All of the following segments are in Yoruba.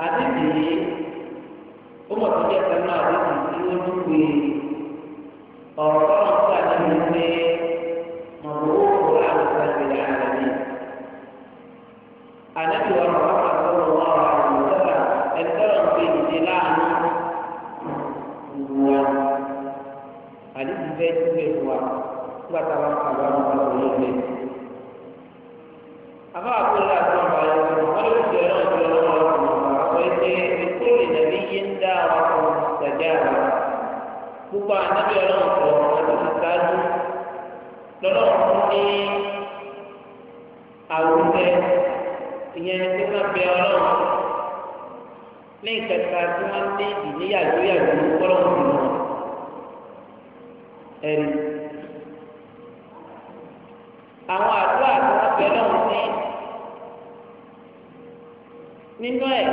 àti ìdílé ó mọ̀ tó jẹ́ pẹ̀lú àwọn ìdílé olóògbé or uh, gbogbo ànábì ọlọ́run kọ̀ ọ̀rọ̀ ti ṣáájú lọ́lọ́run fún ní àwùjẹ ìyẹn ní pé ká bẹ ọlọ́run ní ìkẹta tí wọ́n ní ìdíléyàjó yàjó kọ́lọ́run fún wọn ẹ̀rí. àwọn àdúrà tí wọ́n bẹ lọ́run ní nínú ẹ̀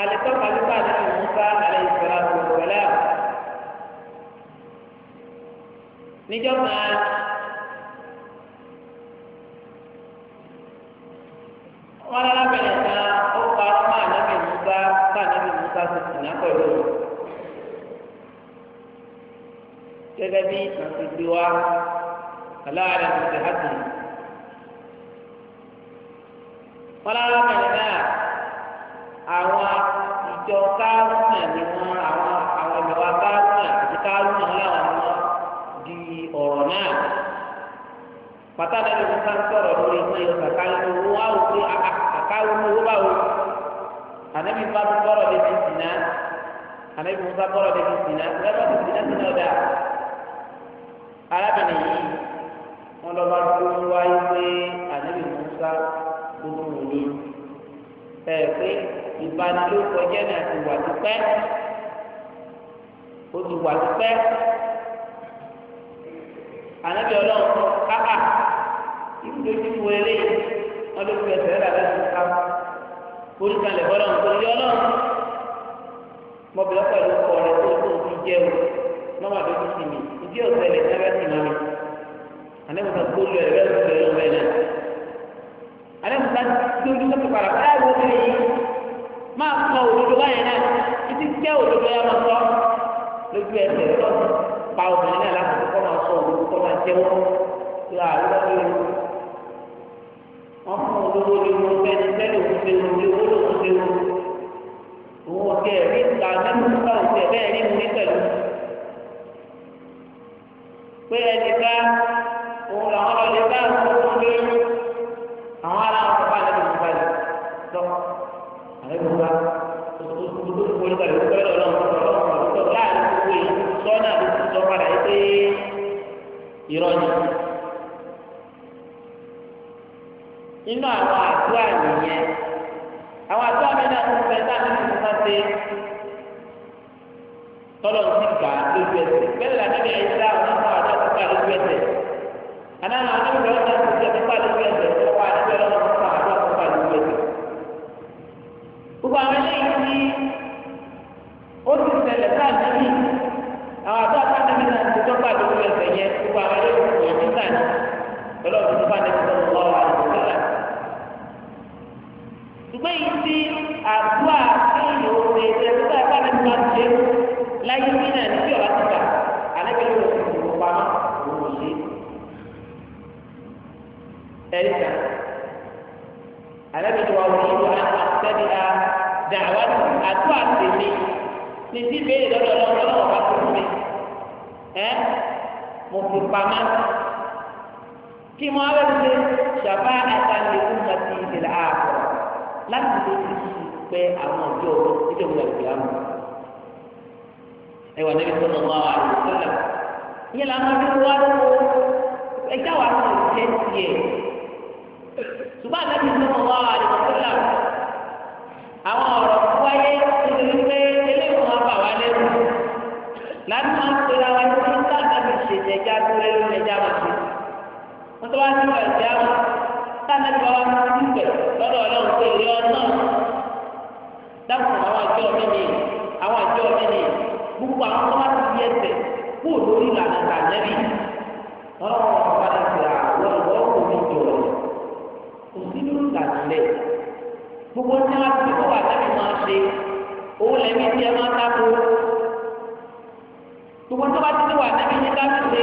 alẹ́ tọ́ka nípa ìmúta àlẹ́ ìfọ̀lá tó wọlé àwọn. níjọba wọn lábẹ́rẹ́ kan ó pa ọmọ ànábì Mùsá bá ànábì Mùsá ti sùn náà pẹ̀lú òun gẹ́gẹ́ bí àtìgbè wa aláàrẹ ti hàtì wọn lábẹ́rẹ́ náà àwọn ìjọ káwọn náà ni náà pàtàkì ẹni tó ń sọ̀rọ̀ lórí fún yóò kàkà nínú owó wá wò pé kàkà wò ní owó bá wò ànábì bá tó sọ̀rọ̀ débi sìnà ànábì musa sọ̀rọ̀ débi sìnà lẹ́gbẹ́ tó sìnà sínú ọ̀dà arábìnrin yìí wọn lọ bá tó ń wáyé pé ànábì musa tó ń wò ẹ pé ìbanilórúkọ náà ti wà tó pẹ́ ó ti wà tó pẹ́ ànábì ọlọ́run káà ìdúró tí mo lè léyìn ọlọ́run ẹ̀sẹ̀ rẹ̀ láti ká orí kan lè bọ́lọ̀ nítorí ọlọ́run mo bẹ̀rẹ̀ pẹ̀lú ọkọ rẹ̀ tó tó fi jẹ́ o lọ́wọ́ àbí ti mi ìdí ọ̀sẹ̀ lè sábẹ́ tì mọ́ mi ànábì kan kó lu ẹ̀rẹ́ òkè ló bẹ̀ náà ànábì kan tó ojú tó kọ̀ọ̀rọ̀ báyà wọ́n ti yí máa kọ òdodo báyẹn náà títí jẹ́ òdodo yà máa sọ lójú ẹsẹ̀ lọ́sọ̀ọ́ pa obìnrin náà láti kọ́ máa sọ òun kọ́ máa jẹ́wọ́ lọ àlọ́ ní o. wọ́n fún olówó ní owó bẹ́ẹ̀ni bẹ́ẹ̀ni òun ṣe wọn ní owó lòun ṣe wọn. òun ọ̀tẹ̀ rí ìgbà nínú ìgbà òtẹ̀ bẹ́ẹ̀ rí mi pẹ̀lú. pé ẹnìkan òun làwọn lọ bá àwọn ọmọ lóyún. irọ́ ni. nínú àwọn àdúrà nìyẹn àwọn àdúrà mi náà ń bẹ náà nínú ìfúnpá ṣe tọ́lọ̀ ti gbà lójú ẹsẹ̀ bẹ́ẹ̀ lànà bí ẹ̀yìn sáà wọn náà wà lọ́sọ̀tà lójú ẹsẹ̀ ṣùgbọ́n èyí tí àdúrà kéèyàn òwe ẹgbẹ́ tó bá ẹgbẹ́ tó bá ṣe láyé bí náà ní bí ọ̀la ti gbà alẹ́gbẹ́ yóò fi ìwọ pamọ́ òun ṣe. ẹ̀rí kan alẹ́gbẹ́ tó wà wọ́n yóò wá àtẹ́bí a dà wá àdúrà tèmi ní ti béèrè lọ́dọ̀ lọ́wọ́ lọ́wọ́ bá tó fún mi ẹ́ mo fi pamọ́ kí mo á lọ́dún ṣe ṣàbá àtàlẹ́kùn mọ́tì ìdílé ààbọ̀ láti lè fi pẹ́ àwọn ọjọ́ ìjọba ìgbà mọ ẹwà níbi tó lọ wá àwọn ìṣẹ̀lẹ̀ ìyẹn làwọn ọdún wá lọ́wọ́ ẹjẹ wà lọ jẹ tiẹ̀ ṣùgbọ́n àti níbi tó lọ wá àwọn ìṣẹ̀lẹ̀ àwọn ọ̀rọ̀ wáyé nítorí pé eléyìí wọn bà wá lẹ́nu láti máa ń pera wa ní nígbà tábí ṣèjẹjá tó lẹ́nu ẹjá wọn ṣe wọn tó wá sí ìgbà ìjà wọn dáhùn àwọn àjọ mi ni àwọn àjọ mi ni gbogbo àwọn tó bá ti fi ẹsẹ̀ kó lórí ìlànà tànẹ́bí ọlọ́wọ́ ọba rẹ̀ ti ra àwọn ìwọ́ kò ní jọ̀rọ̀ kò sí lórí ìlànà rẹ̀ gbogbo tí wọ́n ti kó wà láti máa ṣe owó lẹ́mí tí ẹ máa dáko gbogbo tó bá ti wà láti ní ká ṣe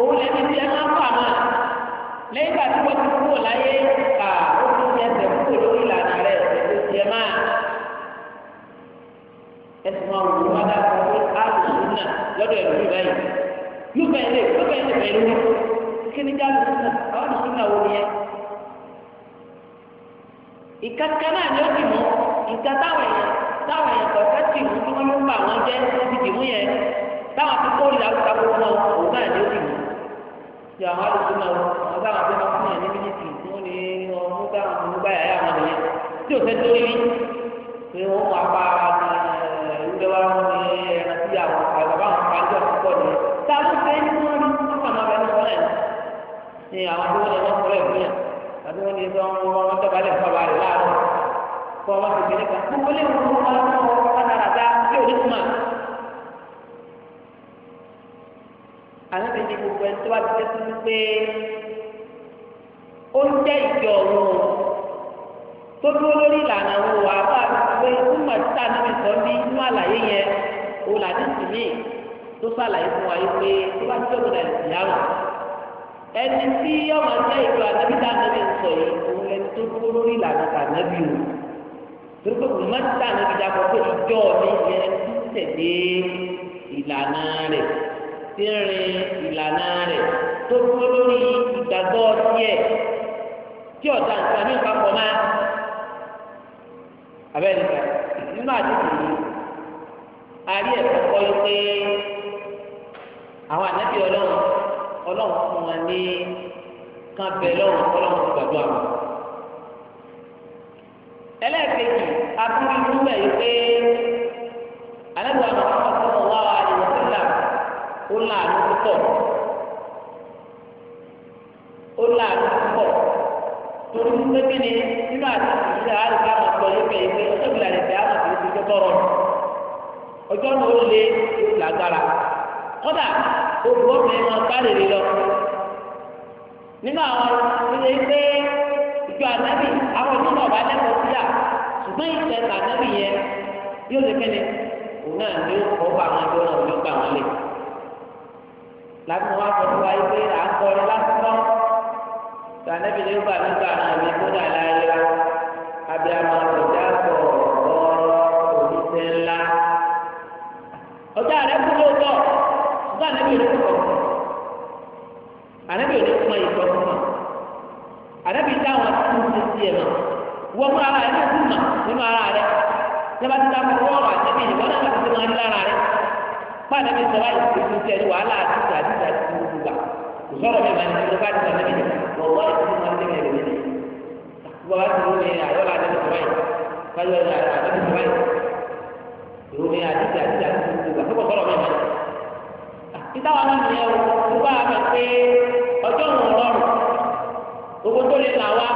owó lẹ́mí tí ẹ máa fà máa lẹ́yìn ìgbà tí wọ́n ti kúrò láyé kà ó ti fi ẹsẹ̀ kúrò lórí ìlànà rẹ̀ ẹ̀sẹ̀ ẹ̀sùn àwọn olùkọ́ ọ pé alùsùn náà lọ́dọ̀ ẹ̀rọ mi báyìí yóò bẹ̀rẹ̀ lé yóò bẹ̀rẹ̀ lé bẹ̀rẹ̀ lé kí ni jáde náà àwọn alùsùn náà wò ni ẹ. ìkàkà náà ni ó ti mú táwọn táwọn kọ̀ ká mú kí wọ́n jẹ́ ti dì mú yẹn táwọn òun náà ni ó ti mú. ti àwọn alùsùn náà wọn fún ní pé wá wọn ní ẹran tí àwọn àgbàbá àwọn pàjọ púpọ̀ ní. ta ló fẹ́ ní wọ́n rí kọ́kànlá rẹ̀ lọ́wọ́ náà ni àwọn tó wọlé wọn kọ́rọ̀ ẹ̀gbọ́n yẹn àti wọn ní sọ wọn wọn tọ́ba lẹ̀ fọba rẹ̀ láàárọ̀ kọ́ wọn ti gbélé kan gbogbo lè wọ́n wọn lọ́wọ́ kátàràtà tí ò ní kùmà. àwọn ènìyàn gbogbo ẹni tó wá ti tẹ́tí pé ó ń jẹ́ ìjọ òun tó dúró lórí ìlànà àwọn òwò àbá àtúntò ìtumọ̀ títà níbi sọ ní inú àlàyé yẹn òun làdí sì mí tó sàlàyé fún wa yìí pé tó bá tó gbọdọ̀ lè yá wọn. ẹni tí ọmọ jẹ́ ìjọ ànábì tá ànábì ń sọ yìí òun lẹni tó dúró lórí ìlànà ànábì o torí pé kò má títà ànábì dàpọ̀ pé ìjọ mi yẹ tẹ̀lé ìlànà rẹ̀ tí rin ìlànà rẹ̀ tó dúró lórí ìgbàgbọ́ tiẹ̀ tí ọ̀dà abẹ́rẹ́ kan nínú àdéhùn yìí àrí ẹ̀kọ́ kọ́ yí pé àwọn ànábì ọlọ́run ọlọ́run fún wọn ní kan bẹ lọ́run ọlọ́run ti gbàdúrà wọn. ẹlẹ́ẹ̀kejì abúlé ìdúgbà yìí pé ànábì àwọn akọ́kọ́ wà wà ní wọ́sílà ó láàánú púpọ̀ torí pé kí ni nínú àti ìṣẹ̀lẹ̀ àlùkà máa sọ yìí bẹ́ẹ̀ pé ọjọ́ ìlànà ìfẹ́ àmọ̀ kìí ti tó tọrọ ọjọ́ náà ó lé èyí lágbára kódà òbúrò mi máa bárẹ̀ lé lọ nínú àwọn ilé pé ìjọ ànábì àwọn ìlú náà bá lẹ́kọ̀ọ́ sí à ṣùgbọ́n ìṣẹ̀ ànábì yẹn yóò lè kẹ́ni òun náà ni ó kọ́ àwọn ẹgbẹ́ náà ló gbà wọ́n lé làbí wọn sànẹ́bí ni ó gbà nígbà náà mi kó dà láyà abiyamọ ọjà sọ ọ̀rọ̀ oníṣẹ́ ńlá ọjà rẹ kú ló bọ ọjà ànẹ́bí ò ní kọ ànẹ́bí ò ní kọ ìtọ́ fún wa ànẹ́bí táwọn tó ń ṣe tiẹ̀ mọ́ wọ́n fún ara rẹ náà tún nínú ara rẹ nígbà tí táwọn fún ọ̀rọ̀ àtẹ́bí ìdìbò náà láti fi máa ń lára rẹ pàdé mi sọ wáyé tuntun tiẹ̀ wàhálà àti ìgbà àti ìgbà àti kò sọ̀rọ̀ mi máa ń tó bá ti sọ̀rọ̀ mi kò wá ìdílé máa ń tẹ̀lé ẹ̀rọ mi kó bá ti wọ́n mi àyọ̀ la dẹ́nu sọ̀rọ̀ yìí kájọ la dẹ́nu sọ̀rọ̀ yìí ìwọ mi àdìsí àdìsí àdìsí gbogbo àti kò sọ̀rọ̀ mi máa títà wà nínú yẹn o tó bá a máa pé ọjọ́ òun ọlọ́run gbogbo tó lè là wá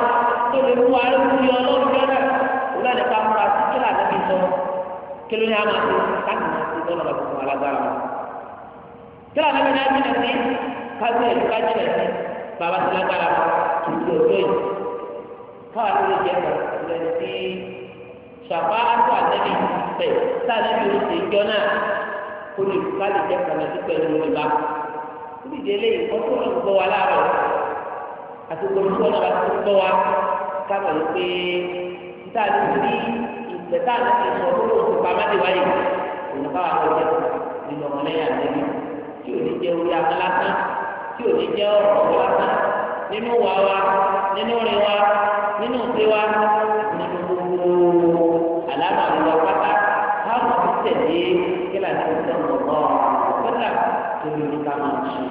tó lè mú wa lóko yọ ọlọ́run kájọ ẹ̀ kájọ ẹ̀ bàbá ti lágbára tùtù ọjọ́ yìí káwa tó lè jẹ́ kan lẹ́nu tí ṣàfà àtọ àtẹ́bí bẹ̀ sáàlẹ́bí oṣù ìjọ náà kó lè ká lè jẹ́ kan lẹ́nu pẹ̀lú ìwà olùdíje lè ọtún ọ̀nà gbọ́ wa láàárọ̀ àti gbogbo ọ̀nà bá tó gbọ́ wa kábọ̀ yìí pé níta ló ní ìgbẹ́ta ló ti sọ fún oṣù pàmádé wáyé òun bá wà lọ́jọ́ nínú ọmọlẹ́yìn àtẹ́bí tí ò ní jẹ́ orí amúlásán tí ò ní jẹ́ ọ̀rọ̀ lásán nínú wa wa nínú rin wa nínú ti wa nínú gbogbo àlámà ìwà pátá káwọn ti tẹ̀lé kílà ní ìtàn ọ̀gbọ́n kọ́tà tó ní orí ká máa ṣe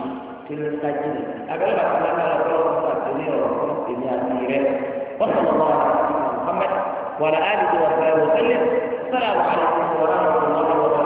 tó ní orí ká jìnnà abẹ́rẹ́ bàtà máa ká lọ́wọ́ kọ́tà tó ní ọ̀rọ̀ fún èmi àti rẹ̀ wọ́n sọ̀rọ̀ lọ́wọ́ àti Muhammad wàlá àdìgbò wàlá ìwọ̀sẹ̀lẹ̀ sọ́lá wàhálà ìwọ̀sẹ̀lẹ̀